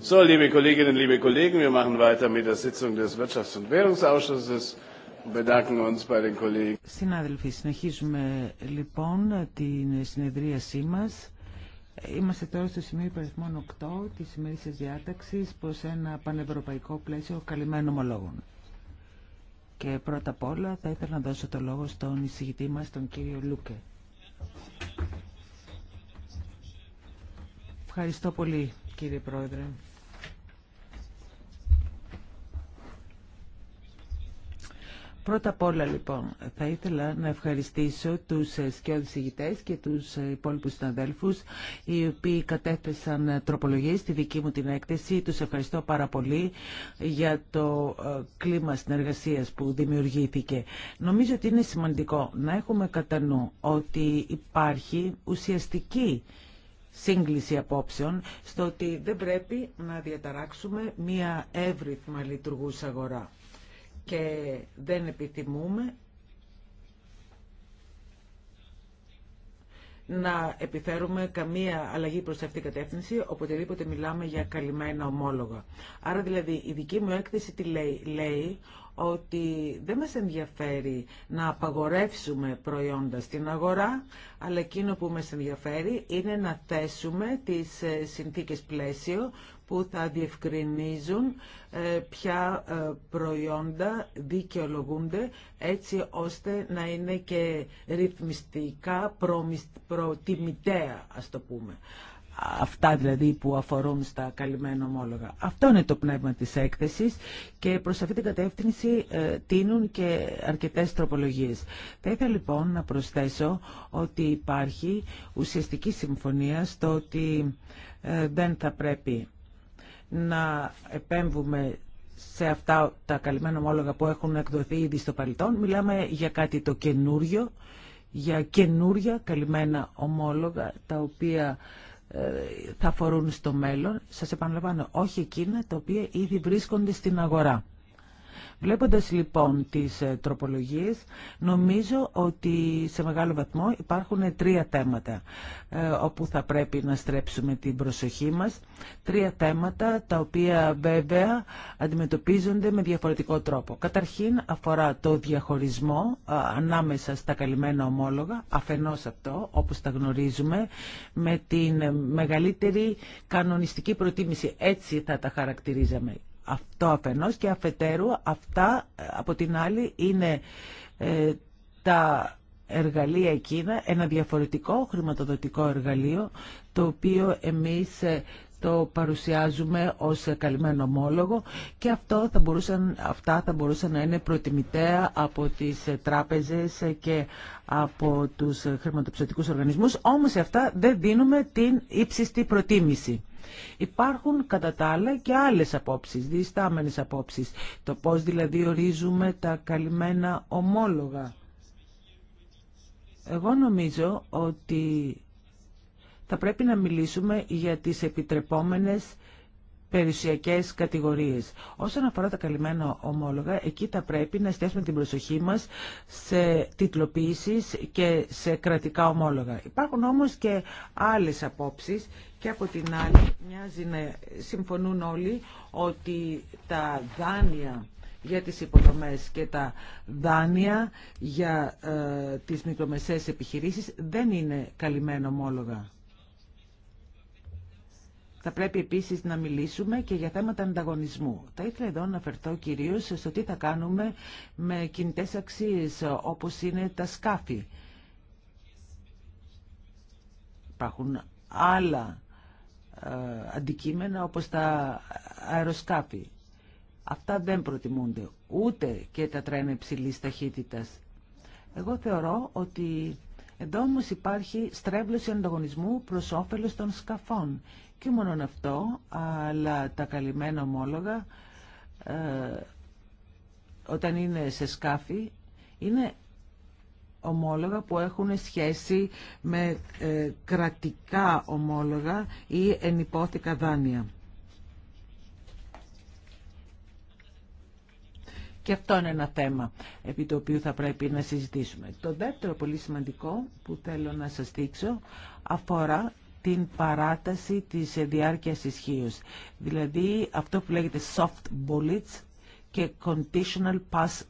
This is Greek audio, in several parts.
So, liebe Kolleginnen, liebe Kollegen, wir machen weiter mit der Sitzung des Wirtschafts- und Währungsausschusses und bedanken uns bei den Kollegen. Συνάδελφοι, συνεχίζουμε λοιπόν την συνεδρίασή μα. Είμαστε τώρα στο σημείο υπαριθμών 8 τη ημερήσια διάταξη προ ένα πανευρωπαϊκό πλαίσιο καλυμμένων ομολόγων. Και πρώτα απ' όλα θα ήθελα να δώσω το λόγο στον εισηγητή μα, τον κύριο Λούκε. Ευχαριστώ πολύ, κύριε Πρόεδρε. Πρώτα απ' όλα λοιπόν θα ήθελα να ευχαριστήσω τους ε, σκιώδης ηγητές και τους ε, υπόλοιπους συναδέλφους οι οποίοι κατέθεσαν ε, τροπολογίες στη δική μου την έκθεση. Τους ευχαριστώ πάρα πολύ για το κλίμα συνεργασίας που δημιουργήθηκε. Νομίζω ότι είναι σημαντικό να έχουμε κατά νου ότι υπάρχει ουσιαστική σύγκληση απόψεων στο ότι δεν πρέπει να διαταράξουμε μία εύρυθμα λειτουργούς αγορά και δεν επιθυμούμε να επιφέρουμε καμία αλλαγή προς αυτή την κατεύθυνση, οποτεδήποτε μιλάμε για καλυμμένα ομόλογα. Άρα δηλαδή η δική μου έκθεση τι λέει, λέει ότι δεν μας ενδιαφέρει να απαγορεύσουμε προϊόντα στην αγορά, αλλά εκείνο που μας ενδιαφέρει είναι να θέσουμε τις ε, συνθήκες πλαίσιο που θα διευκρινίζουν ε, ποια ε, προϊόντα δικαιολογούνται έτσι ώστε να είναι και ρυθμιστικά προτιμητέα, ας το πούμε. Αυτά δηλαδή που αφορούν στα καλυμμένα ομόλογα. Αυτό είναι το πνεύμα της έκθεσης και προς αυτή την κατεύθυνση ε, τίνουν και αρκετές τροπολογίες. Θα ήθελα λοιπόν να προσθέσω ότι υπάρχει ουσιαστική συμφωνία στο ότι δεν θα πρέπει να επέμβουμε σε αυτά τα καλυμμένα ομόλογα που έχουν εκδοθεί ήδη στο παρελθόν. Μιλάμε για κάτι το καινούριο, για καινούρια καλυμμένα ομόλογα τα οποία ε, θα φορούν στο μέλλον. Σας επαναλαμβάνω, όχι εκείνα τα οποία ήδη βρίσκονται στην αγορά. Βλέποντας λοιπόν τις ε, τροπολογίες, νομίζω ότι σε μεγάλο βαθμό υπάρχουν τρία θέματα ε, όπου θα πρέπει να στρέψουμε την προσοχή μας. Τρία θέματα τα οποία βέβαια αντιμετωπίζονται με διαφορετικό τρόπο. Καταρχήν αφορά το διαχωρισμό ε, ανάμεσα στα καλυμμένα ομόλογα, αφενός αυτό όπως τα γνωρίζουμε, με την μεγαλύτερη κανονιστική προτίμηση. Έτσι θα τα χαρακτηρίζαμε. Αυτό αφενός και αφετέρου αυτά ε, από την άλλη είναι ε, τα εργαλεία εκείνα, ένα διαφορετικό χρηματοδοτικό εργαλείο το οποίο εμείς ε, το παρουσιάζουμε ως καλυμμένο ομόλογο και αυτό θα μπορούσαν, αυτά θα μπορούσαν να είναι προτιμητέα από τις τράπεζες και από τους χρηματοψηφιακούς οργανισμούς, όμως αυτά δεν δίνουμε την ύψιστη προτίμηση. Υπάρχουν κατά τα άλλα και άλλες απόψεις, διστάμενες απόψεις. Το πώς δηλαδή ορίζουμε τα καλυμμένα ομόλογα. Εγώ νομίζω ότι θα πρέπει να μιλήσουμε για τις επιτρεπόμενες περιουσιακές κατηγορίες. Όσον αφορά τα καλυμμένα ομόλογα, εκεί θα πρέπει να εστιάσουμε την προσοχή μας σε τιτλοποιήσεις και σε κρατικά ομόλογα. Υπάρχουν όμως και άλλες απόψεις και από την άλλη μοιάζει να συμφωνούν όλοι ότι τα δάνεια για τις υποδομές και τα δάνεια για ε, τις μικρομεσαίες επιχειρήσεις δεν είναι καλυμμένα ομόλογα. Θα πρέπει επίσης να μιλήσουμε και για θέματα ανταγωνισμού. Θα ήθελα εδώ να αφαιρθώ κυρίως στο τι θα κάνουμε με κινητές αξίες όπως είναι τα σκάφη. Υπάρχουν άλλα ε, αντικείμενα όπως τα αεροσκάφη. Αυτά δεν προτιμούνται, ούτε και τα τρένα υψηλή ταχύτητας. Εγώ θεωρώ ότι εδώ όμω υπάρχει στρέβλωση ανταγωνισμού προς όφελος των σκαφών και μόνον αυτό, αλλά τα καλυμμένα ομόλογα ε, όταν είναι σε σκάφη είναι ομόλογα που έχουν σχέση με ε, κρατικά ομόλογα ή ενυπόθηκα δάνεια. Και αυτό είναι ένα θέμα επί το οποίο θα πρέπει να συζητήσουμε. Το δεύτερο πολύ σημαντικό που θέλω να σας δείξω αφορά την παράταση της διάρκειας ισχύως. Δηλαδή αυτό που λέγεται soft bullets και conditional pass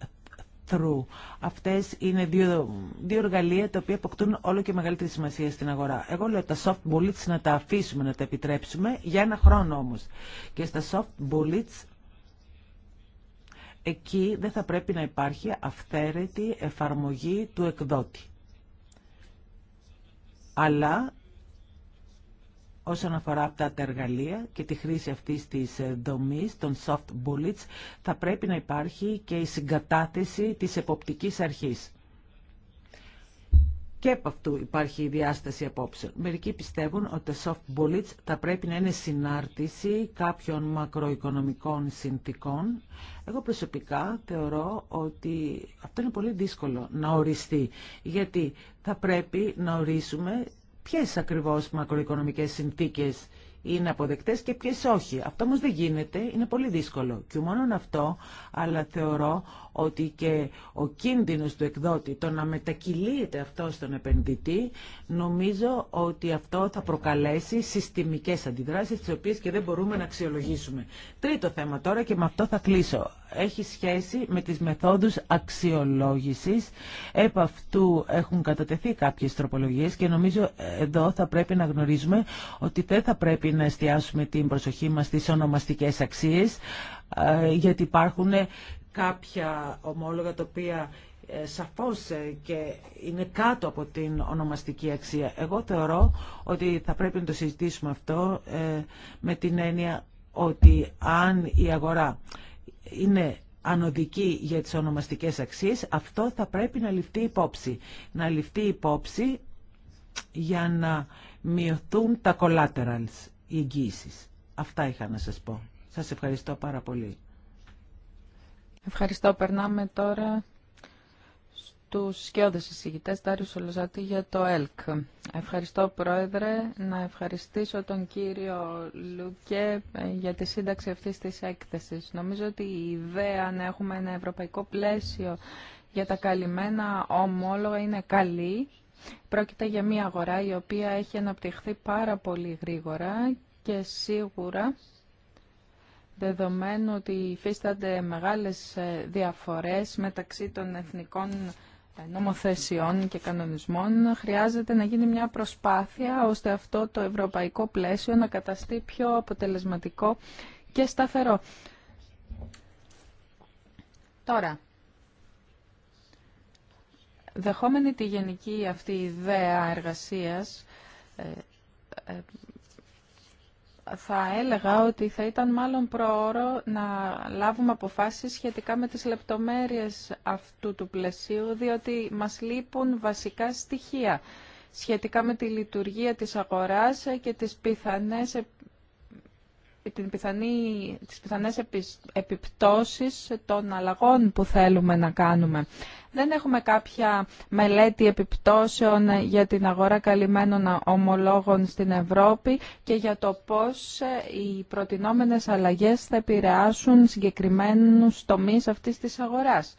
through. Αυτές είναι δύο, δύο εργαλεία τα οποία αποκτούν όλο και μεγαλύτερη σημασία στην αγορά. Εγώ λέω τα soft bullets να τα αφήσουμε, να τα επιτρέψουμε για ένα χρόνο όμως. Και στα soft bullets εκεί δεν θα πρέπει να υπάρχει αυθαίρετη εφαρμογή του εκδότη. Αλλά όσον αφορά τα εργαλεία και τη χρήση αυτής της ε, δομής των soft bullets θα πρέπει να υπάρχει και η συγκατάθεση της εποπτικής αρχής. Και από αυτού υπάρχει η διάσταση απόψεων. Μερικοί πιστεύουν ότι τα soft bullets θα πρέπει να είναι συνάρτηση κάποιων μακροοικονομικών συνθήκων. Εγώ προσωπικά θεωρώ ότι αυτό είναι πολύ δύσκολο να οριστεί, γιατί θα πρέπει να ορίσουμε ποιες ακριβώς μακροοικονομικές συνθήκες είναι αποδεκτές και ποιες όχι. Αυτό όμως δεν γίνεται, είναι πολύ δύσκολο. Και μόνο αυτό, αλλά θεωρώ ότι και ο κίνδυνος του εκδότη, το να μετακυλείται αυτό στον επενδυτή, νομίζω ότι αυτό θα προκαλέσει συστημικές αντιδράσεις, τις οποίες και δεν μπορούμε να αξιολογήσουμε. Τρίτο θέμα τώρα και με αυτό θα κλείσω έχει σχέση με τις μεθόδους αξιολόγησης. Επ' αυτού έχουν κατατεθεί κάποιες τροπολογίες και νομίζω εδώ θα πρέπει να γνωρίζουμε ότι δεν θα πρέπει να εστιάσουμε την προσοχή μας στις ονομαστικές αξίες ε, γιατί υπάρχουν κάποια ομόλογα τα οποία ε, σαφώς ε, και είναι κάτω από την ονομαστική αξία. Εγώ θεωρώ ότι θα πρέπει να το συζητήσουμε αυτό με την έννοια ότι αν η αγορά είναι ανωδική για τις ονομαστικές αξίες, αυτό θα πρέπει να ληφθεί υπόψη. Να ληφθεί υπόψη για να μειωθούν τα collaterals, οι εγγύησεις. Αυτά είχα να σας πω. Σας ευχαριστώ πάρα πολύ. Ευχαριστώ. Περνάμε τώρα τους σκιώδες εισηγητές Τάριου Σολοζάτη για το ΕΛΚ. Ευχαριστώ Πρόεδρε, να ευχαριστήσω τον κύριο Λουκέ ε, για τη σύνταξη αυτής της έκθεσης. Νομίζω ότι η ιδέα να έχουμε ένα ευρωπαϊκό πλαίσιο για τα καλυμμένα ομόλογα είναι καλή. Πρόκειται για μια αγορά η οποία έχει αναπτυχθεί πάρα πολύ γρήγορα και σίγουρα δεδομένου ότι υφίστανται μεγάλες ε, διαφορές μεταξύ των εθνικών νομοθεσιών και κανονισμών χρειάζεται να γίνει μια προσπάθεια ώστε αυτό το ευρωπαϊκό πλαίσιο να καταστεί πιο αποτελεσματικό και σταθερό. Τώρα, δεχόμενη τη γενική αυτή ιδέα εργασίας, ε, ε, θα έλεγα ότι θα ήταν μάλλον προώρο να λάβουμε αποφάσεις σχετικά με τις λεπτομέρειες αυτού του πλαισίου, διότι μας λείπουν βασικά στοιχεία σχετικά με τη λειτουργία της αγοράς και τις πιθανές την πιθανή, τις πιθανές επιπτώσεις των αλλαγών που θέλουμε να κάνουμε. Δεν έχουμε κάποια μελέτη επιπτώσεων για την αγορά καλυμμένων ομολόγων στην Ευρώπη και για το πώς ε, οι προτινόμενες αλλαγές θα επηρεάσουν συγκεκριμένους τομείς αυτής της αγοράς.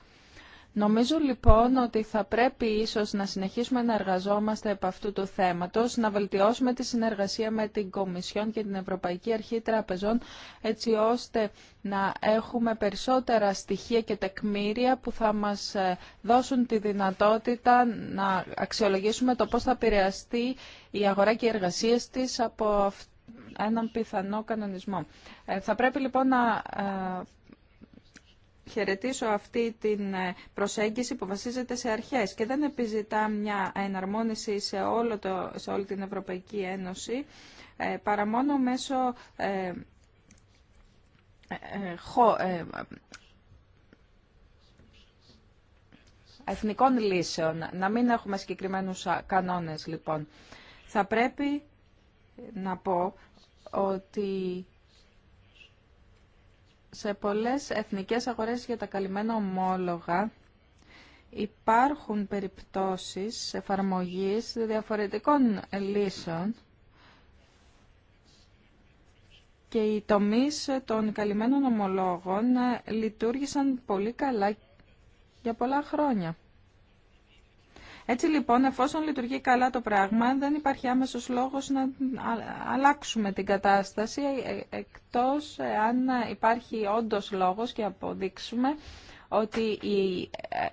Νομίζω λοιπόν ότι θα πρέπει ίσως να συνεχίσουμε να εργαζόμαστε επ' αυτού του θέματος, να βελτιώσουμε τη συνεργασία με την Κομισιόν και την Ευρωπαϊκή Αρχή Τραπεζών, έτσι ώστε να έχουμε περισσότερα στοιχεία και τεκμήρια που θα μας ε, δώσουν τη δυνατότητα να αξιολογήσουμε το πώς θα επηρεαστεί η αγορά και οι εργασίες της από έναν πιθανό κανονισμό. Ε, θα πρέπει λοιπόν να ε, χαιρετήσω αυτή την ε, προσέγγιση που βασίζεται σε αρχές και δεν επιζητά μια εναρμόνιση σε, όλο το, σε όλη την Ευρωπαϊκή Ένωση ε, παρά μόνο μέσω ε, ε, εθνικών λύσεων. Να μην έχουμε συγκεκριμένους κανόνες λοιπόν. Θα πρέπει να πω ότι σε πολλές εθνικές αγορές για τα καλυμμένα ομόλογα υπάρχουν περιπτώσεις εφαρμογής διαφορετικών λύσεων και οι τομείς των καλυμμένων ομολόγων λειτουργήσαν πολύ καλά για πολλά χρόνια. Έτσι λοιπόν, εφόσον λειτουργεί καλά το πράγμα, δεν υπάρχει άμεσος λόγος να αλλάξουμε την κατάσταση, ε, ε, εκτός αν υπάρχει όντως λόγος και αποδείξουμε ότι οι ε,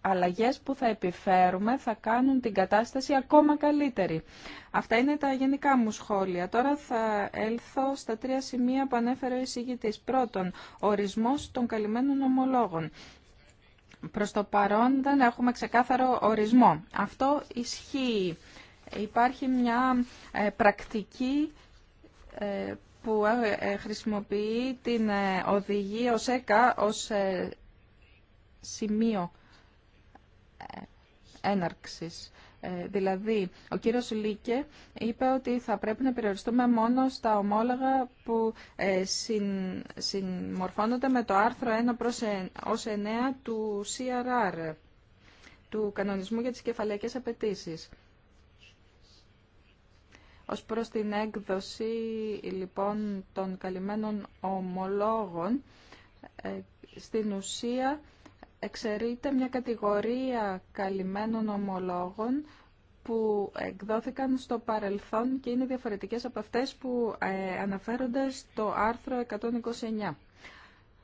αλλαγές που θα επιφέρουμε θα κάνουν την κατάσταση ακόμα καλύτερη. Αυτά είναι τα γενικά μου σχόλια. Τώρα θα έλθω στα τρία σημεία που ανέφερε ο εισηγητής. Πρώτον, ορισμός των καλυμμένων ομολόγων προς το παρόν δεν έχουμε ξεκάθαρο ορισμό. Αυτό ισχύει. Υπάρχει μια ε, πρακτική ε, που ε, χρησιμοποιεί την οδηγία ως ΕΚΑ ως σημείο έναρξης. Ε, δηλαδή, ο κύριος Λίκε είπε ότι θα πρέπει να περιοριστούμε μόνο στα ομόλογα που ε, συμμορφώνονται με το άρθρο 1 προς 9 του CRR, του Κανονισμού για τις Κεφαλαϊκές απαιτήσει. Ως προς την έκδοση λοιπόν των καλυμμένων ομολόγων, ε, στην ουσία εξαιρείται μια κατηγορία καλυμμένων ομολόγων που εκδόθηκαν στο παρελθόν και είναι διαφορετικές από αυτές που ε, αναφέρονται στο άρθρο 129.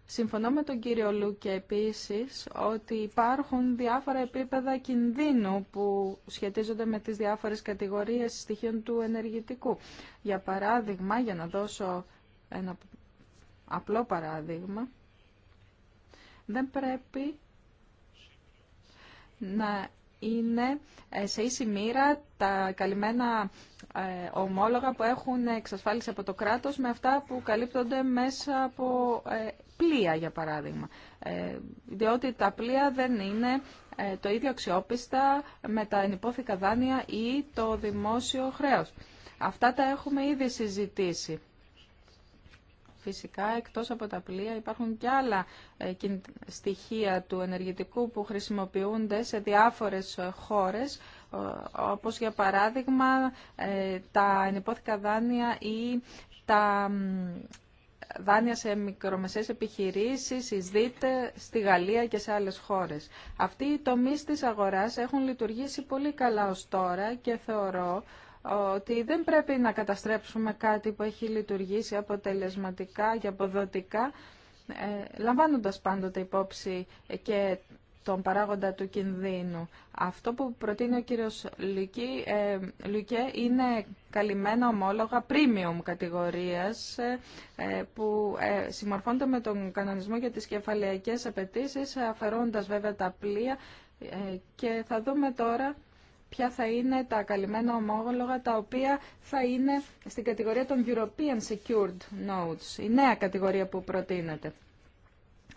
Συμφωνώ με τον κύριο και επίσης ότι υπάρχουν διάφορα επίπεδα κινδύνου που σχετίζονται με τις διάφορες κατηγορίες στοιχείων του ενεργητικού. Για παράδειγμα, για να δώσω ένα απλό παράδειγμα, δεν πρέπει να είναι ε, σε ίση μοίρα τα καλυμμένα ε, ομόλογα που έχουν εξασφάλιση από το κράτος με αυτά που καλύπτονται μέσα από ε, πλοία, για παράδειγμα. Διότι τα πλοία δεν είναι το ίδιο αξιόπιστα με τα ενυπόθηκα δάνεια ή το δημόσιο χρέος. Αυτά τα έχουμε ήδη συζητήσει. Φυσικά, εκτός από τα πλοία υπάρχουν και άλλα ε, στοιχεία του ενεργητικού που χρησιμοποιούνται σε διάφορες χώρες, όπως για παράδειγμα ε, τα ενυπόθηκα δάνεια ή τα δάνεια σε μικρομεσαίες επιχειρήσεις, εις δείτε, στη Γαλλία και σε άλλες χώρες. Αυτοί οι τομείς της αγοράς έχουν λειτουργήσει πολύ καλά ως τώρα και θεωρώ ότι δεν πρέπει να καταστρέψουμε κάτι που έχει λειτουργήσει αποτελεσματικά και αποδοτικά, ε, λαμβάνοντας πάντοτε υπόψη και τον παράγοντα του κινδύνου. Αυτό που προτείνει ο κύριος Λουκέ ε, είναι καλυμμένα ομόλογα premium κατηγορίας ε, που ε, συμμορφώνται με τον κανονισμό για τις κεφαλαιακές απαιτήσει, αφαιρώντας βέβαια τα πλοία και θα δούμε τώρα ποια θα είναι τα καλυμμένα ομόλογα τα οποία θα είναι στην κατηγορία των European Secured Notes, η νέα κατηγορία που προτείνεται.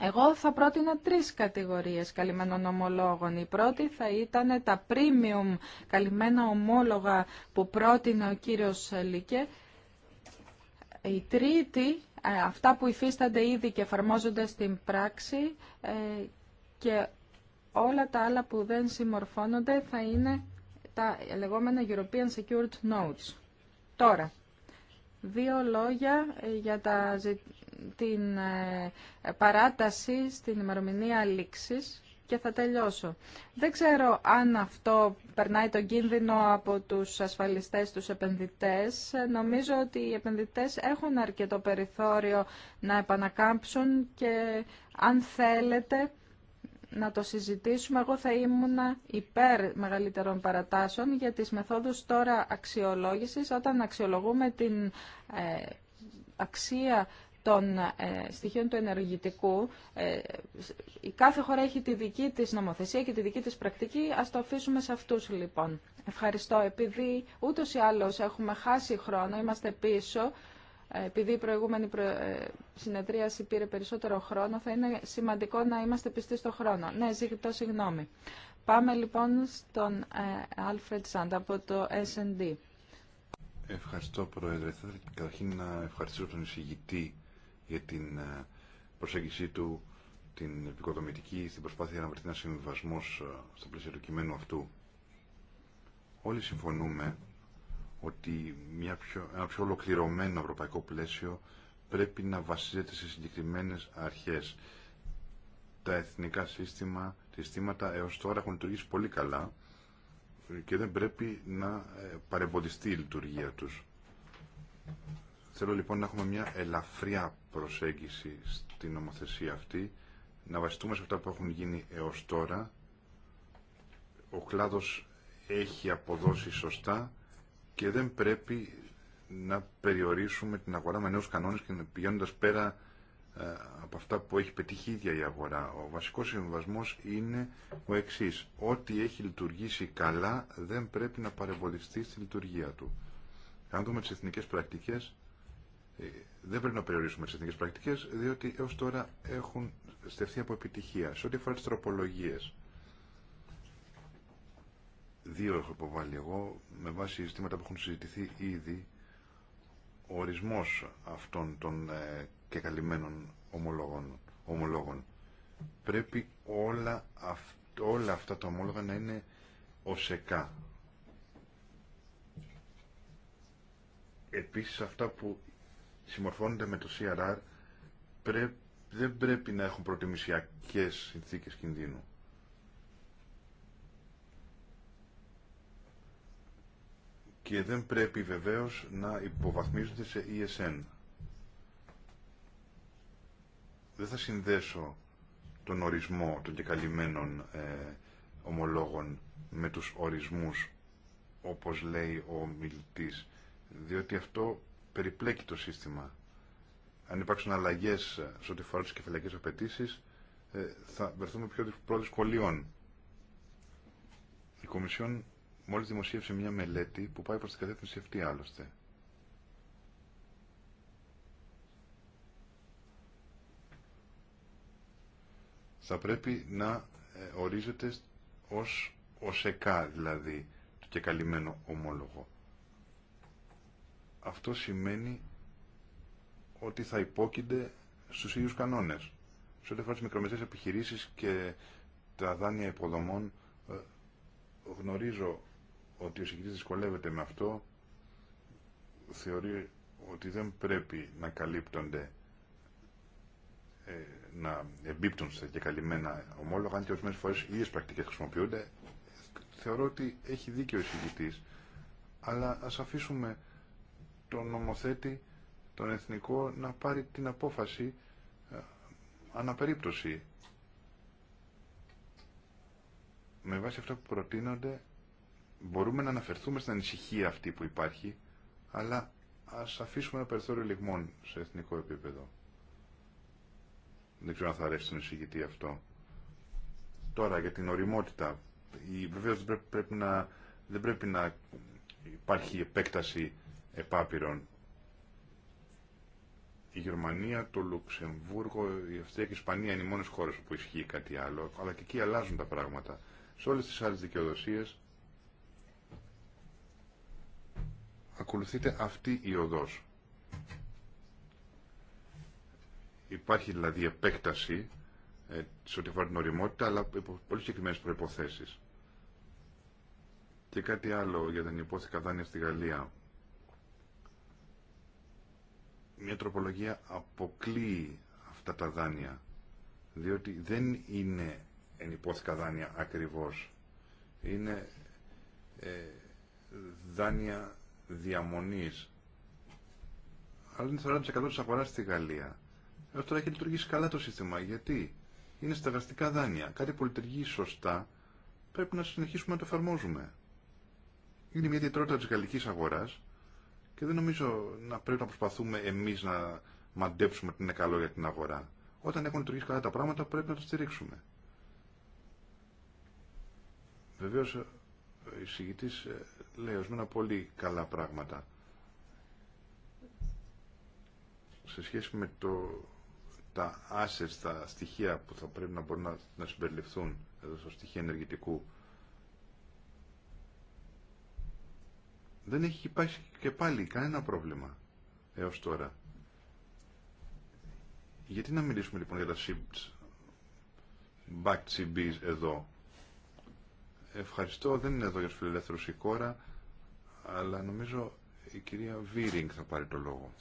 Εγώ θα πρότεινα τρεις κατηγορίες καλυμμένων ομολόγων. Η πρώτη θα ήταν τα premium καλυμμένα ομόλογα που πρότεινε ο κύριος Λίκε. Η τρίτη, ε, αυτά που υφίστανται ήδη και εφαρμόζονται στην πράξη ε, και όλα τα άλλα που δεν συμμορφώνονται θα είναι τα λεγόμενα European Secured Notes. Τώρα, δύο λόγια ε, για τα, την ε, παράταση στην ημερομηνία λήξης και θα τελειώσω. Δεν ξέρω αν αυτό περνάει τον κίνδυνο από τους ασφαλιστές, τους επενδυτές. Νομίζω ότι οι επενδυτές έχουν αρκετό περιθώριο να επανακάμψουν και αν θέλετε να το συζητήσουμε. Εγώ θα ήμουν υπέρ μεγαλύτερων παρατάσεων για τις μεθόδους τώρα αξιολόγησης όταν αξιολογούμε την ε, αξία των ε, στοιχείων του ενεργητικού. Ε, η κάθε χώρα έχει τη δική της νομοθεσία και τη δική της πρακτική. Ας το αφήσουμε σε αυτούς λοιπόν. Ευχαριστώ. Επειδή ούτως ή άλλως έχουμε χάσει χρόνο, είμαστε πίσω επειδή η προηγούμενη ε, συνεδρίαση πήρε περισσότερο χρόνο, θα είναι σημαντικό να είμαστε πιστοί στο χρόνο. Ναι, ζητώ συγγνώμη. Πάμε λοιπόν στον ε, Άλφρεντ Σάντα από το S&D. Ευχαριστώ Πρόεδρε. Θα ήθελα καταρχήν να ευχαριστήσω τον εισηγητή για την ε, προσέγγιση του, την επικοδομητική, στην προσπάθεια να βρεθεί ένα συμβιβασμό στο πλαίσιο του κειμένου αυτού. Όλοι συμφωνούμε ότι μια πιο, ένα πιο ολοκληρωμένο ευρωπαϊκό πλαίσιο πρέπει να βασίζεται σε συγκεκριμένες αρχές. Τα εθνικά σύστημα, συστήματα έως τώρα έχουν λειτουργήσει πολύ καλά και δεν πρέπει να ε, παρεμποδιστεί η λειτουργία τους. Θέλω λοιπόν να έχουμε μια ελαφριά προσέγγιση στην νομοθεσία αυτή, να βασιστούμε σε αυτά που έχουν γίνει έως τώρα. Ο κλάδος έχει αποδώσει σωστά και δεν πρέπει να περιορίσουμε την αγορά με νέους κανόνες και πηγαίνοντας πέρα ε, από αυτά που έχει πετύχει η ίδια η αγορά. Ο βασικός συμβασμός είναι ο εξής. Ό,τι έχει λειτουργήσει καλά δεν πρέπει να παρεμβολιστεί στη λειτουργία του. Αν δούμε τις εθνικές πρακτικές, ε, δεν πρέπει να περιορίσουμε τις εθνικές πρακτικές, διότι έως τώρα έχουν στεφθεί από επιτυχία. Σε ό,τι αφορά τις τροπολογίες, Δύο έχω υποβάλει εγώ με βάση ζητήματα που έχουν συζητηθεί ήδη ο ορισμός αυτών των ε, και καλυμμένων ομολόγων, ομολόγων. Πρέπει όλα, αυ, όλα αυτά τα ομόλογα να είναι οσεκά. Επίσης αυτά που συμμορφώνονται με το CRR δεν πρέπει να έχουν προτιμησιακές συνθήκες κινδύνου. και δεν πρέπει βεβαίως να υποβαθμίζονται σε ESN. Δεν θα συνδέσω τον ορισμό των κεκαλυμμένων ε, ομολόγων με τους ορισμούς όπως λέει ο μιλητής διότι αυτό περιπλέκει το σύστημα. Αν υπάρξουν αλλαγές σε ό,τι φορά τις κεφαλαϊκές ε, θα βρεθούμε πιο δυσκολιών. Η Κομισιόν μόλις δημοσίευσε μια μελέτη που πάει προς την κατεύθυνση αυτή άλλωστε. Θα πρέπει να ε, ορίζεται ως οσεκά δηλαδή το καλυμμένο ομόλογο. Αυτό σημαίνει ότι θα υπόκεινται στους ίδιους κανόνες. Σε ό,τι αφορά τις μικρομεσαίες επιχειρήσεις και τα δάνεια υποδομών ε, γνωρίζω ότι ο συγκριτής δυσκολεύεται με αυτό, θεωρεί ότι δεν πρέπει να καλύπτονται, ε, να εμπίπτουν σε καλυμμένα ομόλογα, αν και ορισμένε φορέ οι ίδιε πρακτικέ χρησιμοποιούνται. Θεωρώ ότι έχει δίκιο ο συγκριτής, αλλά ας αφήσουμε τον νομοθέτη, τον εθνικό, να πάρει την απόφαση ε, αναπερίπτωση. Με βάση αυτά που προτείνονται, μπορούμε να αναφερθούμε στην ανησυχία αυτή που υπάρχει, αλλά ας αφήσουμε ένα περιθώριο λιγμών σε εθνικό επίπεδο. Δεν ξέρω αν θα αρέσει τον εισηγητή αυτό. Τώρα για την οριμότητα. Βεβαίω δεν πρέπει, να, δεν πρέπει να υπάρχει επέκταση επάπειρων. Η Γερμανία, το Λουξεμβούργο, η Αυστρία και η Ισπανία είναι οι μόνες χώρες που ισχύει κάτι άλλο, αλλά και εκεί αλλάζουν τα πράγματα. Σε όλες τις άλλες δικαιοδοσίες Ακολουθείτε αυτή η οδός. Υπάρχει δηλαδή επέκταση ε, σε ό,τι αφορά την οριμότητα, αλλά υπό πολύ συγκεκριμένε προποθέσει. Και κάτι άλλο για την υπόθηκα δάνεια στη Γαλλία. Μια τροπολογία αποκλείει αυτά τα δάνεια, διότι δεν είναι εν υπόθηκα δάνεια ακριβώς. Είναι ε, δάνεια διαμονής αλλά είναι 40% της αγοράς στη Γαλλία. Έως τώρα έχει λειτουργήσει καλά το σύστημα. Γιατί είναι στεγαστικά δάνεια. Κάτι που λειτουργεί σωστά πρέπει να συνεχίσουμε να το εφαρμόζουμε. Είναι μια ιδιαιτερότητα της γαλλικής αγοράς και δεν νομίζω να πρέπει να προσπαθούμε εμείς να μαντέψουμε τι είναι καλό για την αγορά. Όταν έχουν λειτουργήσει καλά τα πράγματα πρέπει να το στηρίξουμε. Βεβαίως εισηγητής ε, λέει μενα πολύ καλά πράγματα σε σχέση με το, τα assets, τα στοιχεία που θα πρέπει να μπορούν να, να συμπεριληφθούν εδώ στο στοιχείο ενεργητικού δεν έχει υπάρξει και πάλι κανένα πρόβλημα έως τώρα. Γιατί να μιλήσουμε λοιπόν για τα back CBs εδώ Ευχαριστώ. Δεν είναι εδώ για του φιλελεύθερου η κόρα, αλλά νομίζω η κυρία Βίρινγκ θα πάρει το λόγο.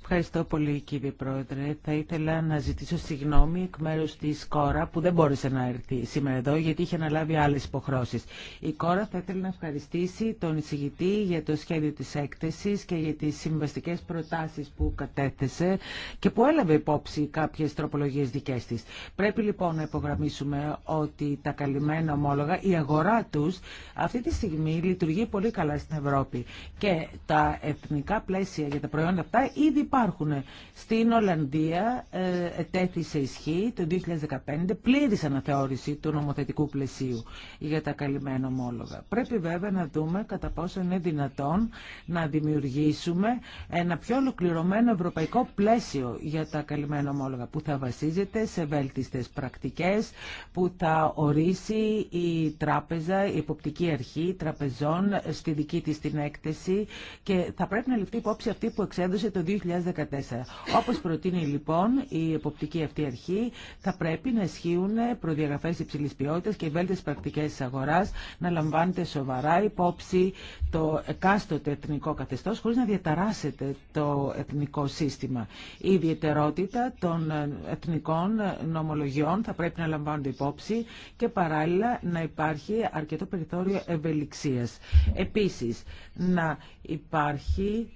Ευχαριστώ πολύ κύριε Πρόεδρε. Θα ήθελα να ζητήσω συγγνώμη εκ μέρους της Κόρα που δεν μπόρεσε να έρθει σήμερα εδώ γιατί είχε αναλάβει άλλες υποχρώσεις. Η Κόρα θα ήθελε να ευχαριστήσει τον εισηγητή για το σχέδιο της έκθεσης και για τις συμβαστικές προτάσεις που κατέθεσε και που έλαβε υπόψη κάποιες τροπολογίες δικές της. Πρέπει λοιπόν να υπογραμμίσουμε ότι τα καλυμμένα ομόλογα, η αγορά τους αυτή τη στιγμή λειτουργεί πολύ καλά στην Ευρώπη και τα εθνικά πλαίσια για τα προϊόντα αυτά ήδη υπάρχουν. Στην Ολλανδία ε, τέθησε σε ισχύ το 2015 πλήρης αναθεώρηση του νομοθετικού πλαισίου για τα καλυμμένα ομόλογα. Πρέπει βέβαια να δούμε κατά πόσο είναι δυνατόν να δημιουργήσουμε ένα πιο ολοκληρωμένο ευρωπαϊκό πλαίσιο για τα καλυμμένα ομόλογα που θα βασίζεται σε βέλτιστες πρακτικές που θα ορίσει η τράπεζα, η υποπτική αρχή τραπεζών στη δική της την έκθεση και θα πρέπει να ληφθεί υπόψη αυτή που εξέδωσε το 2014. Όπως προτείνει λοιπόν η εποπτική αυτή αρχή, θα πρέπει να ισχύουν προδιαγραφές υψηλής ποιότητας και βέλτιες πρακτικές της αγοράς, να λαμβάνεται σοβαρά υπόψη το εκάστοτε εθνικό καθεστώς, χωρίς να διαταράσετε το εθνικό σύστημα. Η ιδιαιτερότητα των εθνικών νομολογιών θα πρέπει να λαμβάνονται υπόψη και παράλληλα να υπάρχει αρκετό περιθώριο ευελιξίας. Επίσης, να υπάρχει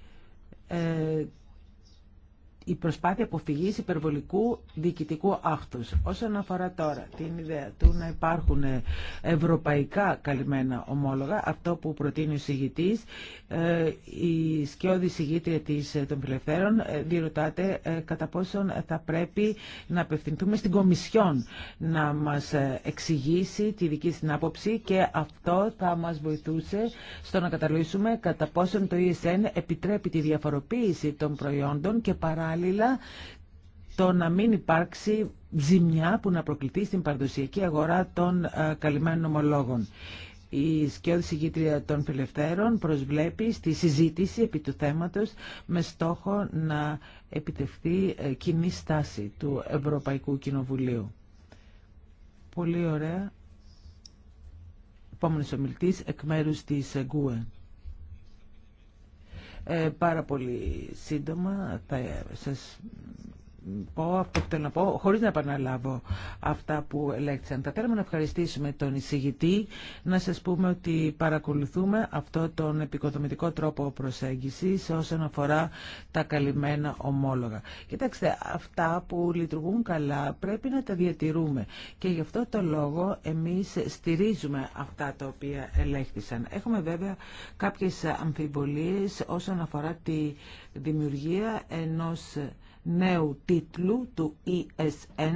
ε, η προσπάθεια αποφυγή υπερβολικού διοικητικού άχθους. Όσον αφορά τώρα την ιδέα του να υπάρχουν ευρωπαϊκά καλυμμένα ομόλογα, αυτό που προτείνει ο συγητής, ε, η σκιώδη συγήτρια της ε, των Φιλελευθέρων ε, διερωτάται κατά πόσον θα πρέπει να απευθυνθούμε στην Κομισιόν να μας εξηγήσει τη δική στην άποψη και αυτό θα μας βοηθούσε στο να καταλήξουμε κατά πόσον το ESN επιτρέπει τη διαφοροποίηση των προϊόντων και παράλληλα παράλληλα το να μην υπάρξει ζημιά που να προκληθεί στην παραδοσιακή αγορά των ε, καλυμμένων ομολόγων. Η σκιώδη συγκήτρια των Φιλευτέρων προσβλέπει στη συζήτηση επί του θέματος με στόχο να επιτευχθεί ε, κοινή στάση του Ευρωπαϊκού Κοινοβουλίου. Πολύ ωραία. Επόμενος ομιλητής εκ μέρους της ΓΚΟΕ. Ε, πάρα πολύ σύντομα θα σας πω αυτό που θέλω να πω, χωρίς να επαναλάβω αυτά που ελέγξαν. Θα θέλαμε να ευχαριστήσουμε τον εισηγητή, να σας πούμε ότι παρακολουθούμε αυτό τον επικοδομητικό τρόπο προσέγγισης όσον αφορά τα καλυμμένα ομόλογα. Κοιτάξτε, αυτά που λειτουργούν καλά πρέπει να τα διατηρούμε και γι' αυτό το λόγο εμείς στηρίζουμε αυτά τα οποία ελέγχθησαν. Έχουμε βέβαια κάποιες αμφιβολίες όσον αφορά τη δημιουργία ενός νέου τίτλου του ESN.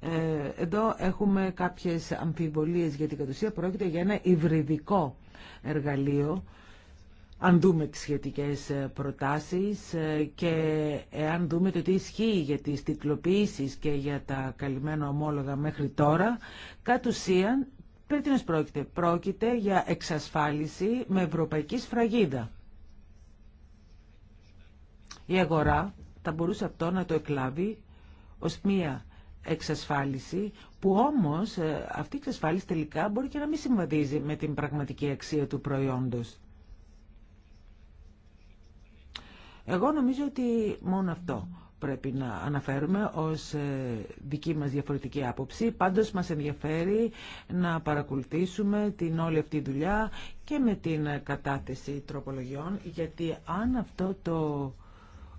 Ε, εδώ έχουμε κάποιες αμφιβολίες για την κατουσία. Πρόκειται για ένα υβριδικό εργαλείο αν δούμε τις σχετικές ε, προτάσεις ε, και αν δούμε το τι ισχύει για τις τιτλοποιήσεις και για τα καλυμμένα ομόλογα μέχρι τώρα, κατ' ουσίαν πρέπει να πρόκειται. Πρόκειται για εξασφάλιση με ευρωπαϊκή σφραγίδα. Η αγορά θα μπορούσε αυτό να το εκλάβει ως μία εξασφάλιση που όμως ε, αυτή η εξασφάλιση τελικά μπορεί και να μην συμβαδίζει με την πραγματική αξία του προϊόντος. Εγώ νομίζω ότι μόνο αυτό πρέπει να αναφέρουμε ως ε, δική μας διαφορετική άποψη. Πάντως μας ενδιαφέρει να παρακολουθήσουμε την όλη αυτή δουλειά και με την ε, κατάθεση τροπολογιών, γιατί αν αυτό το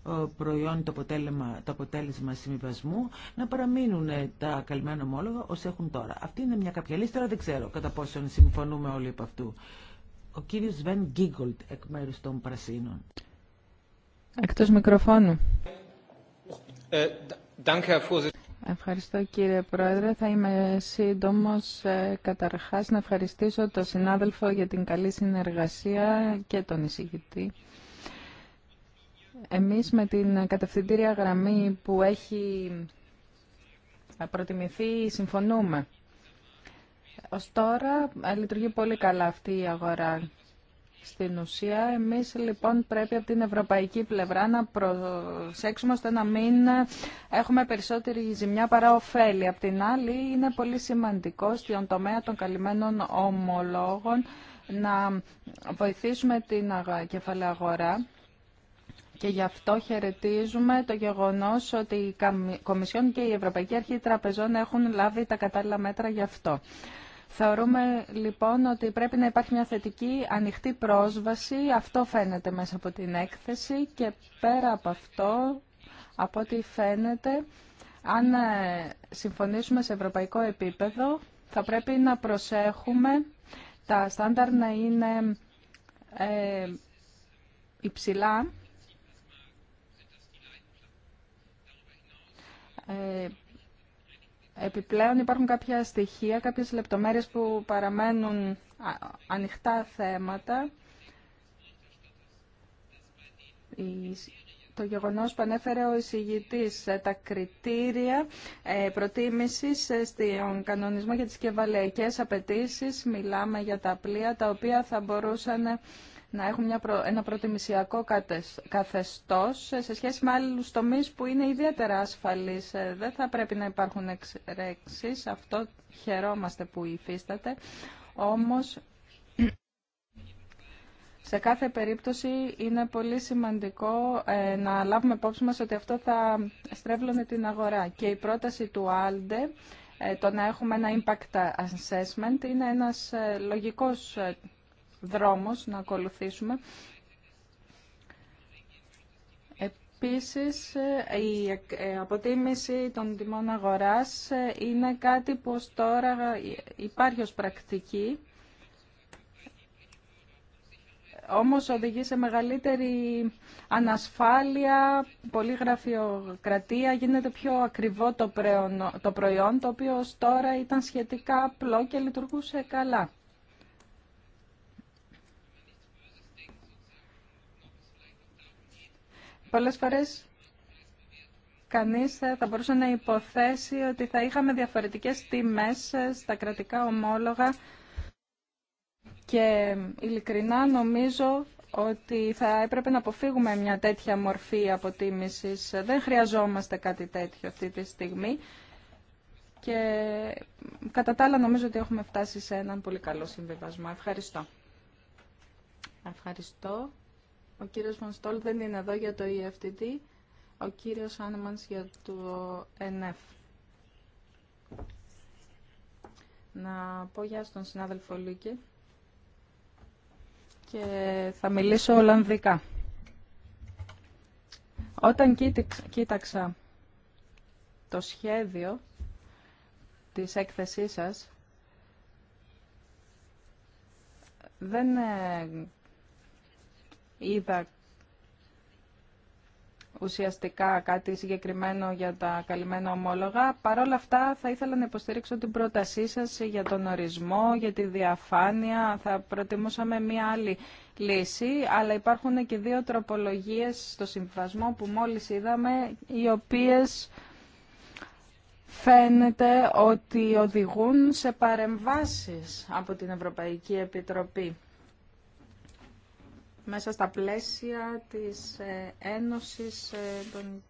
ε, προϊόν, το αποτέλεσμα, το αποτέλεσμα συμβιβασμού, να παραμείνουν τα καλυμμένα ομόλογα όσοι έχουν τώρα. Αυτή είναι μια κάποια λίστα, αλλά δεν ξέρω κατά πόσον συμφωνούμε όλοι από αυτού. Ο κύριος Βεν Γκίγκολτ εκ μέρους των Πρασίνων. Εκτός μικροφώνου. Ε, Ευχαριστώ κύριε Πρόεδρε. Θα είμαι σύντομος. Ε, καταρχάς να ευχαριστήσω τον συνάδελφο για την καλή συνεργασία και τον εισηγητή. Εμείς με την κατευθυντήρια γραμμή που έχει προτιμηθεί συμφωνούμε. Ως τώρα ε, λειτουργεί πολύ καλά αυτή η αγορά. Στην ουσία, εμείς λοιπόν πρέπει από την ευρωπαϊκή πλευρά να προσέξουμε ώστε να μην έχουμε περισσότερη ζημιά παρά ωφέλη. Απ' την άλλη, είναι πολύ σημαντικό στον τομέα των καλυμμένων ομολόγων να βοηθήσουμε την κεφαλαία αγορά και γι' αυτό χαιρετίζουμε το γεγονός ότι η Κομισιόν και η Ευρωπαϊκή Αρχή Τραπεζών έχουν λάβει τα κατάλληλα μέτρα γι' αυτό. Θεωρούμε λοιπόν ότι πρέπει να υπάρχει μια θετική ανοιχτή πρόσβαση. Αυτό φαίνεται μέσα από την έκθεση και πέρα από αυτό, από ό,τι φαίνεται, αν ε, συμφωνήσουμε σε ευρωπαϊκό επίπεδο, θα πρέπει να προσέχουμε τα στάνταρ να είναι ε, υψηλά Ε, επιπλέον υπάρχουν κάποια στοιχεία, κάποιες λεπτομέρειες που παραμένουν ανοιχτά θέματα. Το γεγονός που ανέφερε ο εισηγητής, ε, τα κριτήρια ε, προτίμησης στον κανονισμό για τις κεβαλαϊκές απαιτήσει, μιλάμε για τα πλοία τα οποία θα μπορούσαν να έχουν μια ένα προτιμησιακό καθεστώς σε σχέση με άλλους τομείς που είναι ιδιαίτερα ασφαλείς. Ε, δεν θα πρέπει να υπάρχουν εξαιρέξεις, αυτό χαιρόμαστε που υφίσταται, όμως σε κάθε περίπτωση είναι πολύ σημαντικό ε, να λάβουμε υπόψη μας ότι αυτό θα στρέβλωνε την αγορά. Και η πρόταση του Άλντε, ε, το να έχουμε ένα impact assessment, είναι ένας λογικός δρόμος να ακολουθήσουμε. Επίσης, η αποτίμηση των τιμών αγοράς είναι κάτι που ως τώρα υπάρχει ως πρακτική, όμως οδηγεί σε μεγαλύτερη ανασφάλεια, πολύ γραφειοκρατία, γίνεται πιο ακριβό το προϊόν, το οποίο ως τώρα ήταν σχετικά απλό και λειτουργούσε καλά. Πολλές φορές κανείς ε, θα μπορούσε να υποθέσει ότι θα είχαμε διαφορετικές τιμές ε, στα κρατικά ομόλογα και ειλικρινά νομίζω ότι θα έπρεπε να αποφύγουμε μια τέτοια μορφή αποτίμησης. Δεν χρειαζόμαστε κάτι τέτοιο αυτή τη στιγμή. Και κατά τα άλλα νομίζω ότι έχουμε φτάσει σε έναν πολύ καλό συμβιβασμό. Ευχαριστώ. Ευχαριστώ. Ο κύριος Φωνστόλ δεν είναι εδώ για το EFTD, ο κύριος Άνεμανς για το ΕΝΕΦ. Να πω γεια στον συνάδελφο Λούκη και θα μιλήσω Ολλανδικά. Όταν κοίταξα το σχέδιο της έκθεσής σας, δεν ε, είδα ουσιαστικά κάτι συγκεκριμένο για τα καλυμμένα ομόλογα. Παρ' όλα αυτά θα ήθελα να υποστηρίξω την πρότασή σας για τον ορισμό, για τη διαφάνεια. Θα προτιμούσαμε μία άλλη λύση, αλλά υπάρχουν και δύο τροπολογίες στο συμβασμό που μόλις είδαμε, οι οποίες φαίνεται ότι οδηγούν σε παρεμβάσεις από την Ευρωπαϊκή Επιτροπή μέσα στα πλαίσια της ε, Ένωσης ε, των,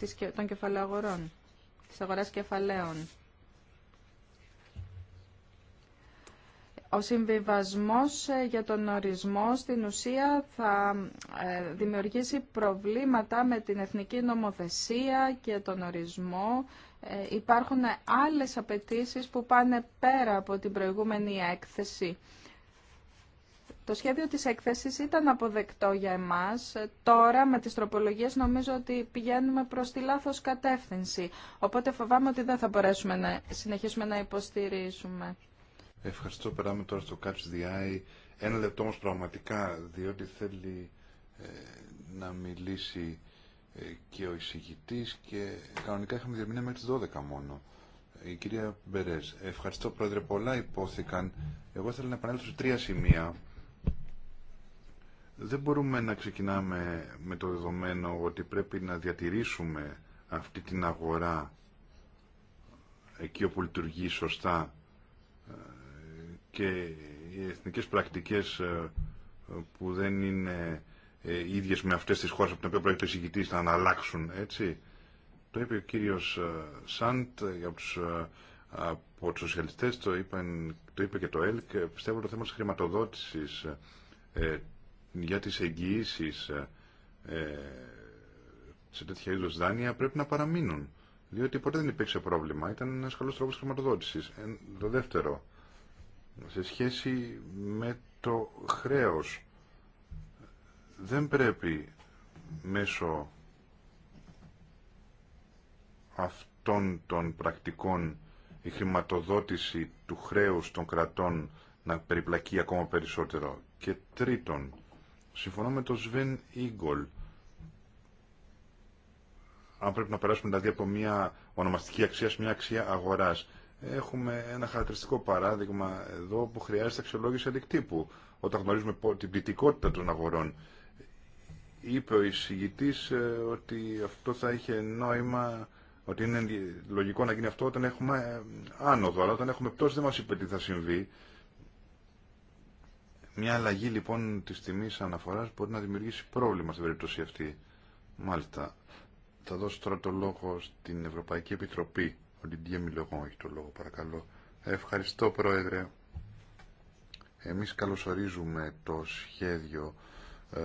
της, των κεφαλαγορών, της αγοράς κεφαλαίων. Ο συμβιβασμός ε, για τον ορισμό στην ουσία θα δημιουργήσει προβλήματα με την εθνική νομοθεσία και τον ορισμό. Υπάρχουν άλλες απαιτήσεις που πάνε πέρα από την προηγούμενη έκθεση. Το σχέδιο της έκθεσης ήταν αποδεκτό για εμάς. Τώρα με τις τροπολογίες νομίζω ότι πηγαίνουμε προς τη λάθος κατεύθυνση. Οπότε φοβάμαι ότι δεν θα μπορέσουμε να συνεχίσουμε να υποστηρίζουμε. Ευχαριστώ. Περάμε τώρα στο Catch the Eye. Ένα λεπτό όμως πραγματικά, διότι θέλει ε, να μιλήσει ε, και ο εισηγητής και κανονικά είχαμε διαμείνει μέχρι τις 12 μόνο. Η κυρία Μπερές, ευχαριστώ πρόεδρε, πολλά υπόθηκαν. Εγώ θέλω να επανέλθω σε τρία σημεία δεν μπορούμε να ξεκινάμε με το δεδομένο ότι πρέπει να διατηρήσουμε αυτή την αγορά εκεί όπου λειτουργεί σωστά ε, και οι εθνικές πρακτικές ε, που δεν είναι ε, ίδιες με αυτές τις χώρες από την οποία πρέπει το εισηγητής να αναλλάξουν, έτσι. Το είπε ο κύριος Σαντ από τους, από τους σοσιαλιστές, το, το είπε και το ΕΛΚ. Πιστεύω το θέμα της χρηματοδότησης για τις εγγυήσεις ε, ε, σε τέτοια είδους δάνεια πρέπει να παραμείνουν. Διότι ποτέ δεν υπήρξε πρόβλημα. Ήταν ένας καλός τρόπος χρηματοδότηση. Ε, το δεύτερο, σε σχέση με το χρέος, δεν πρέπει μέσω αυτών των πρακτικών η χρηματοδότηση του χρέους των κρατών να περιπλακεί ακόμα περισσότερο. Και τρίτον, Συμφωνώ με τον Σβέν Ίγκολ. Αν πρέπει να περάσουμε δηλαδή από μια ονομαστική αξία σε μια αξία αγοράς. Έχουμε ένα χαρακτηριστικό παράδειγμα εδώ που χρειάζεται αξιολόγηση αντικτύπου όταν γνωρίζουμε την πλητικότητα των αγορών. Είπε ο εισηγητή ε, ότι αυτό θα είχε νόημα, ότι είναι λογικό να γίνει αυτό όταν έχουμε ε, άνοδο, αλλά όταν έχουμε πτώση δεν μα είπε τι θα συμβεί. Μια αλλαγή λοιπόν τη τιμή αναφορά μπορεί να δημιουργήσει πρόβλημα στην περίπτωση αυτή. Μάλιστα, θα δώσω τώρα το λόγο στην Ευρωπαϊκή Επιτροπή. Ο Λιντιέ Μιλογό έχει το λόγο, παρακαλώ. Ευχαριστώ, Πρόεδρε. Εμεί καλωσορίζουμε το σχέδιο ε,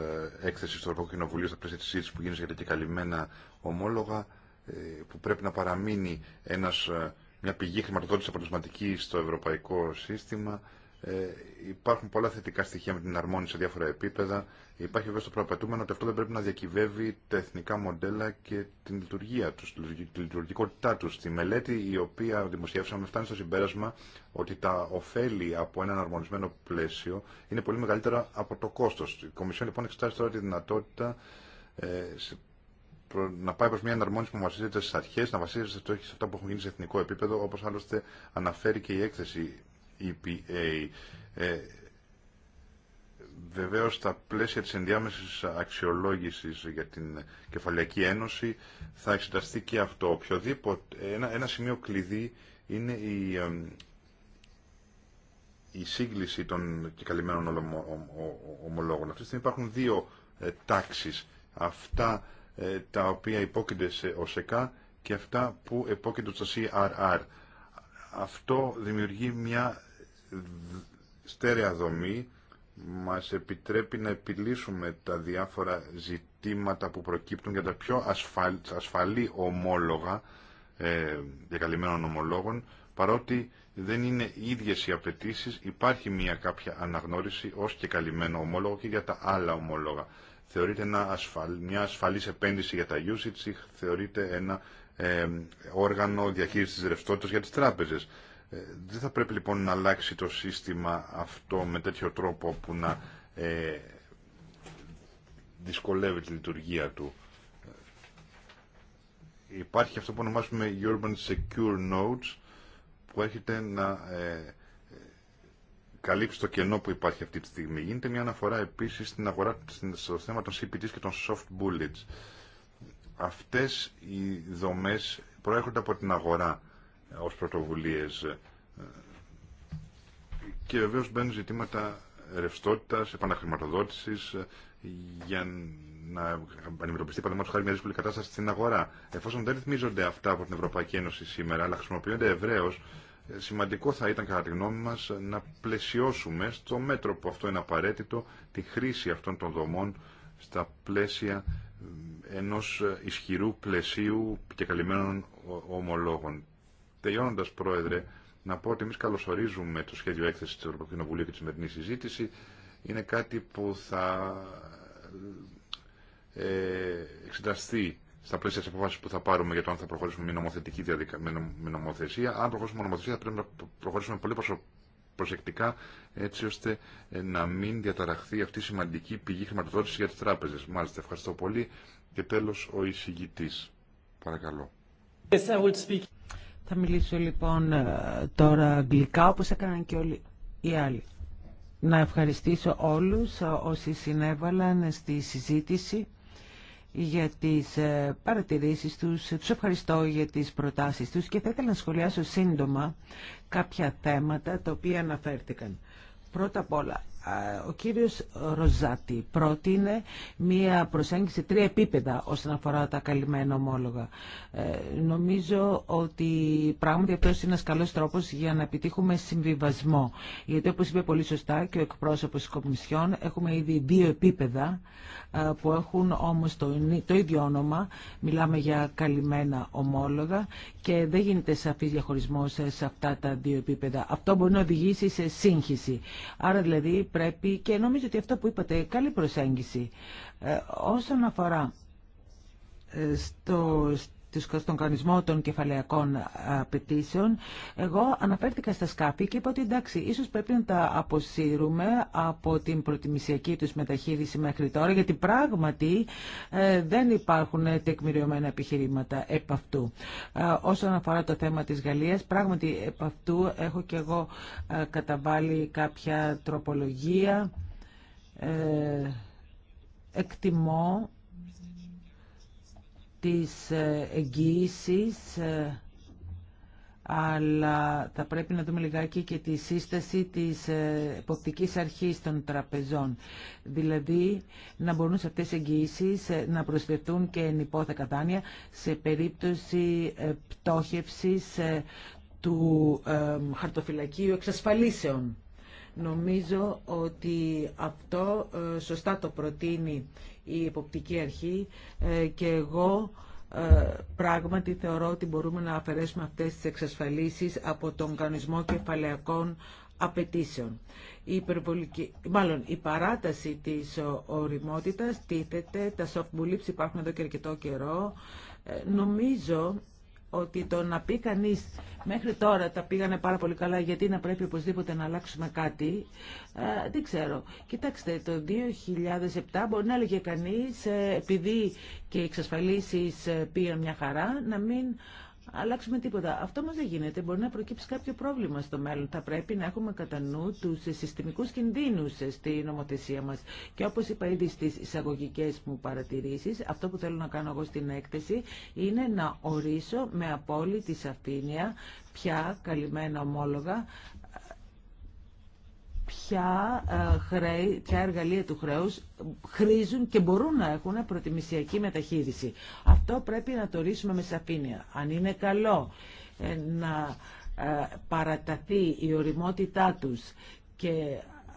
έκθεσης του Ευρωπαϊκού στα πλαίσια της συζήτησης που γίνεται για τα κεκαλυμμένα ομόλογα, ε, που πρέπει να παραμείνει ένας, ε, μια πηγή χρηματοδότηση αποτελεσματική στο ευρωπαϊκό σύστημα. Ε, υπάρχουν πολλά θετικά στοιχεία με την αρμόνιση σε διάφορα επίπεδα. Υπάρχει βέβαια στο προαπαιτούμενο ότι αυτό δεν πρέπει να διακυβεύει τα εθνικά μοντέλα και την λειτουργία του, τη λειτουργικότητά του. Στη μελέτη η οποία δημοσιεύσαμε φτάνει στο συμπέρασμα ότι τα ωφέλη από έναν αρμονισμένο πλαίσιο είναι πολύ μεγαλύτερα από το κόστο. Η Κομισιόν λοιπόν εξετάζει τώρα τη δυνατότητα ε, να πάει προ μια εναρμόνιση που βασίζεται στι αρχέ, να βασίζεται σε αυτά που έχουν γίνει σε εθνικό επίπεδο, όπω άλλωστε αναφέρει και η έκθεση EPA. Ε, βεβαίως στα πλαίσια της ενδιάμεσης αξιολόγησης για την Κεφαλιακή Ένωση θα εξεταστεί και αυτό. Οποιοδήποτε, ένα, ένα σημείο κλειδί είναι η, η σύγκληση των καλυμμένων ομολόγων. Αυτή τη στιγμή υπάρχουν δύο ε, τάξεις. Αυτά ε, τα οποία υπόκεινται σε ΟΣΕΚΑ και αυτά που υπόκεινται στο CRR. Αυτό δημιουργεί μια στέρεα δομή μας επιτρέπει να επιλύσουμε τα διάφορα ζητήματα που προκύπτουν για τα πιο ασφαλή ομόλογα ε, καλυμμένων ομολόγων παρότι δεν είναι ίδιες οι απαιτήσει, υπάρχει μια κάποια αναγνώριση ως και καλυμμένο ομόλογο και για τα άλλα ομόλογα. Θεωρείται ένα μια ασφαλής επένδυση για τα usage, θεωρείται ένα ε, όργανο διαχείρισης ρευστότητας για τις τράπεζες. Ε, δεν θα πρέπει λοιπόν να αλλάξει το σύστημα αυτό με τέτοιο τρόπο που να ε, δυσκολεύει τη λειτουργία του. Ε, υπάρχει αυτό που ονομάζουμε Urban Secure Nodes που έρχεται να ε, ε, καλύψει το κενό που υπάρχει αυτή τη στιγμή. Γίνεται μια αναφορά επίσης στην αγορά, στο θέμα των CPTs και των soft bullets. Αυτές οι δομές προέρχονται από την αγορά ως πρωτοβουλίες. Και βεβαίω μπαίνουν ζητήματα ρευστότητα, επαναχρηματοδότησης για να αντιμετωπιστεί παραδείγματο χάρη μια δύσκολη κατάσταση στην αγορά. Εφόσον δεν ρυθμίζονται αυτά από την Ευρωπαϊκή Ένωση σήμερα, αλλά χρησιμοποιούνται ευρέω, σημαντικό θα ήταν κατά τη γνώμη μα να πλαισιώσουμε στο μέτρο που αυτό είναι απαραίτητο τη χρήση αυτών των δομών στα πλαίσια ενό ισχυρού πλαισίου και καλυμμένων ομολόγων. Τελειώνοντα, Πρόεδρε, να πω ότι εμεί καλωσορίζουμε το σχέδιο έκθεση του Ευρωπαϊκή Κοινοβουλία και τη σημερινή συζήτηση. Είναι κάτι που θα ε, εξεταστεί στα πλαίσια τη αποφάση που θα πάρουμε για το αν θα προχωρήσουμε με, νομοθετική διαδικα... με νομοθεσία. Αν προχωρήσουμε με νομοθεσία, θα πρέπει να προχωρήσουμε πολύ προσω... προσεκτικά, έτσι ώστε ε, να μην διαταραχθεί αυτή η σημαντική πηγή χρηματοδότηση για τι τράπεζε. Μάλιστα, ευχαριστώ πολύ. Και τέλο, ο εισηγητή. Παρακαλώ. Θα μιλήσω λοιπόν ε, τώρα αγγλικά όπως έκαναν και όλοι οι άλλοι. Να ευχαριστήσω όλους ε, όσοι συνέβαλαν στη συζήτηση για τις ε, παρατηρήσεις τους. Τους ευχαριστώ για τις προτάσεις τους και θα ήθελα να σχολιάσω σύντομα κάποια θέματα τα οποία αναφέρθηκαν. Πρώτα απ' όλα, ο κύριος Ροζάτη πρότεινε μία προσέγγιση τρία επίπεδα όσον αφορά τα καλυμμένα ομόλογα. Ε, νομίζω ότι πράγματι αυτό είναι ένας καλός τρόπος για να επιτύχουμε συμβιβασμό. Γιατί όπως είπε πολύ σωστά και ο εκπρόσωπος της Κομισιόν έχουμε ήδη δύο επίπεδα ε, που έχουν όμως το, το ίδιο όνομα. Μιλάμε για καλυμμένα ομόλογα και δεν γίνεται σαφής διαχωρισμός σε αυτά τα δύο επίπεδα. Αυτό μπορεί να οδηγήσει σε σύγχυση. Άρα δηλαδή πρέπει και νομίζω ότι αυτό που είπατε καλή προσέγγιση. Ε, όσον αφορά ε, στο, στον κανονισμό των κεφαλαιακών απαιτήσεων, εγώ αναφέρθηκα στα σκάφη και είπα ότι εντάξει, ίσως πρέπει να τα αποσύρουμε από την προτιμησιακή τους μεταχείριση μέχρι τώρα, γιατί πράγματι ε, δεν υπάρχουν τεκμηριωμένα επιχειρήματα επ' αυτού. Ε, όσον αφορά το θέμα της Γαλλίας, πράγματι επ' αυτού έχω και εγώ ε, καταβάλει κάποια τροπολογία. εκτιμώ τις ε, εγγυήσεις ε, αλλά θα πρέπει να δούμε λιγάκι και τη σύσταση της ε, εποπτικής αρχής των τραπεζών. Δηλαδή να μπορούν σε αυτές τις εγγυήσεις να προσθεθούν και υπόθεκα δάνεια σε περίπτωση πτώχευσης του χαρτοφυλακίου εξασφαλίσεων. Νομίζω ότι αυτό ε, σωστά το προτείνει η υποπτική Αρχή ε, και εγώ ε, πράγματι θεωρώ ότι μπορούμε να αφαιρέσουμε αυτές τις εξασφαλίσεις από τον κανονισμό κεφαλαιακών απαιτήσεων. Η, υπερβολική, μάλλον, η παράταση της οριμότητας τίθεται, τα soft bullets υπάρχουν εδώ και αρκετό καιρό. νομίζω ότι το να πει κανεί μέχρι τώρα τα πήγανε πάρα πολύ καλά γιατί να πρέπει οπωσδήποτε να αλλάξουμε κάτι, ε, δεν ξέρω. Κοιτάξτε, το 2007 μπορεί να έλεγε κανείς ε, επειδή και οι εξασφαλίσεις ε, πήγαν μια χαρά να μην αλλάξουμε τίποτα. Αυτό μας δεν γίνεται. Μπορεί να προκύψει κάποιο πρόβλημα στο μέλλον. Θα πρέπει να έχουμε κατά νου τους συστημικούς κινδύνους στη νομοθεσία μας. Και όπως είπα ήδη στις εισαγωγικέ μου παρατηρήσεις, αυτό που θέλω να κάνω εγώ στην έκθεση είναι να ορίσω με απόλυτη σαφήνεια ποια καλυμμένα ομόλογα ποια, ε, χρέη, ποια εργαλεία του χρέους χρήζουν και μπορούν να έχουν προτιμησιακή μεταχείριση. Αυτό πρέπει να το ρίσουμε με σαφήνεια. Αν είναι καλό ε, να ε, παραταθεί η οριμότητά τους και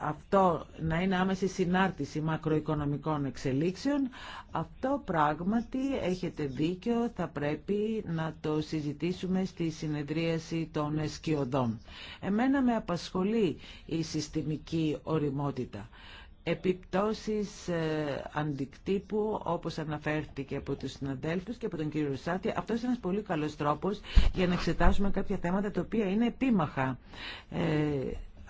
αυτό να είναι άμεση συνάρτηση μακροοικονομικών εξελίξεων, αυτό πράγματι έχετε δίκιο, θα πρέπει να το συζητήσουμε στη συνεδρίαση των σκιωδών. Εμένα με απασχολεί η συστημική οριμότητα. Επιπτώσεις ε, αντικτύπου, όπως αναφέρθηκε από τους συναδέλφους και από τον κύριο Σάτη, Αυτό είναι ένας πολύ καλός τρόπος για να εξετάσουμε κάποια θέματα τα οποία είναι επίμαχα. Ε,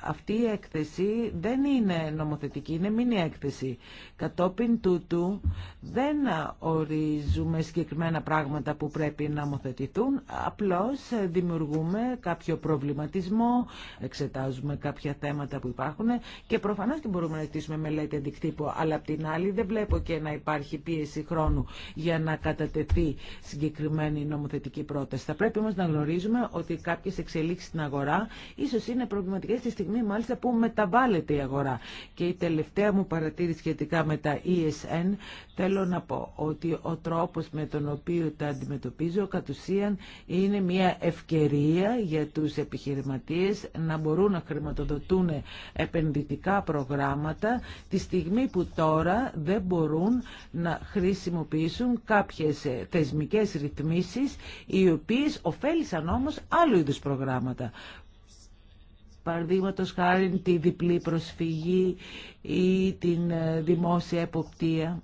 αυτή η έκθεση δεν είναι νομοθετική, είναι μήνυ έκθεση. Κατόπιν τούτου δεν ορίζουμε συγκεκριμένα πράγματα που πρέπει να νομοθετηθούν, απλώς δημιουργούμε κάποιο προβληματισμό, εξετάζουμε κάποια θέματα που υπάρχουν και προφανώς και μπορούμε να ζητήσουμε μελέτη αντικτύπου, αλλά απ' την άλλη δεν βλέπω και να υπάρχει πίεση χρόνου για να κατατεθεί συγκεκριμένη νομοθετική πρόταση. Θα πρέπει όμως να γνωρίζουμε ότι κάποιες εξελίξεις στην αγορά ίσως είναι προβληματικές στη στιγμή στιγμή μάλιστα που μεταβάλλεται η αγορά. Και η τελευταία μου παρατήρηση σχετικά με τα ESN θέλω να πω ότι ο τρόπος με τον οποίο τα αντιμετωπίζω κατ' ουσίαν είναι μια ευκαιρία για τους επιχειρηματίες να μπορούν να χρηματοδοτούν επενδυτικά προγράμματα τη στιγμή που τώρα δεν μπορούν να χρησιμοποιήσουν κάποιες θεσμικές ρυθμίσεις οι οποίες ωφέλησαν όμως άλλου είδους προγράμματα παραδείγματο χάρη τη διπλή προσφυγή ή την ε, δημόσια εποπτεία.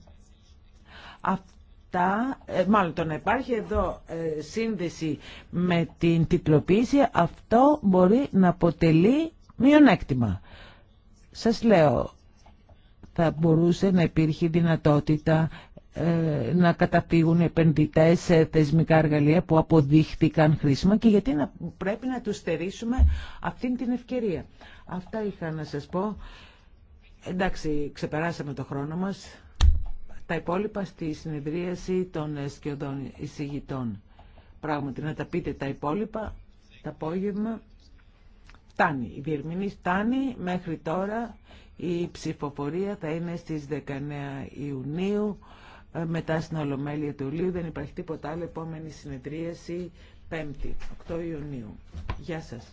Αυτά, ε, μάλλον το να υπάρχει εδώ ε, σύνδεση με την τυπλοποίηση, αυτό μπορεί να αποτελεί μειονέκτημα. Σας λέω, θα μπορούσε να υπήρχε δυνατότητα ε, να καταφύγουν επενδυτές σε θεσμικά εργαλεία που αποδείχθηκαν χρήσιμα και γιατί να, πρέπει να τους στερήσουμε αυτήν την ευκαιρία. Αυτά είχα να σας πω. Εντάξει, ξεπεράσαμε το χρόνο μας. Τα υπόλοιπα στη συνεδρίαση των σκιωδών εισηγητών. Πράγματι, να τα πείτε τα υπόλοιπα, Τα απόγευμα. Φτάνει, η διερμηνή φτάνει μέχρι τώρα. Η ψηφοφορία θα είναι στις 19 Ιουνίου. Ε, μετά στην Ολομέλεια του Ιουλίου. Δεν υπάρχει τίποτα άλλο. Επόμενη συνεδρίαση 5η, 8 Ιουνίου. Γεια σας.